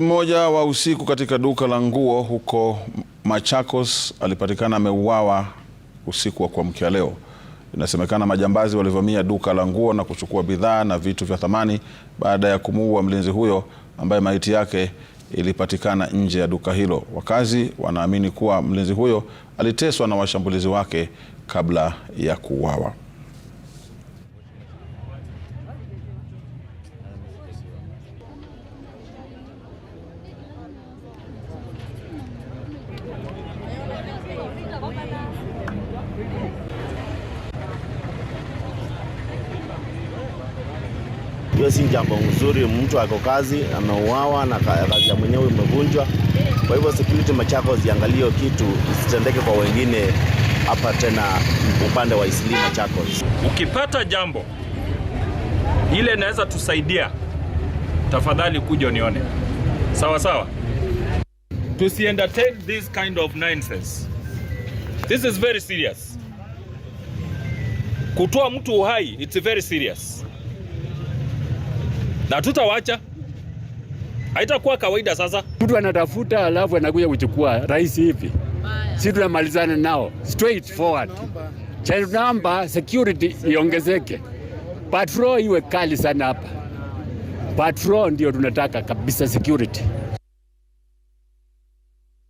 Mmoja wa usiku katika duka la nguo huko Machakos alipatikana ameuawa usiku wa kuamkia leo. Inasemekana majambazi walivamia duka la nguo na kuchukua bidhaa na vitu vya thamani baada ya kumuua mlinzi huyo ambaye maiti yake ilipatikana nje ya duka hilo. Wakazi wanaamini kuwa mlinzi huyo aliteswa na washambulizi wake kabla ya kuuawa. hiyo si jambo nzuri. Mtu ako kazi ameuawa na kazi ya mwenyewe imevunjwa. Kwa hivyo security machako ziangalie kitu isitendeke kwa wengine hapa tena, upande wa Isli Machakos. Ukipata jambo ile inaweza tusaidia, tafadhali kuja unione, sawa sawa. Tusi entertain this kind of nonsense. This is very serious. Kutoa mtu uhai, it's very serious na tutawacha. Haitakuwa kawaida sasa. Mtu anatafuta alafu anakuja kuchukua rahisi hivi. si tunamalizana nao straight forward. Child number security iongezeke. Patrol iwe kali sana hapa. Patrol ndio tunataka kabisa security.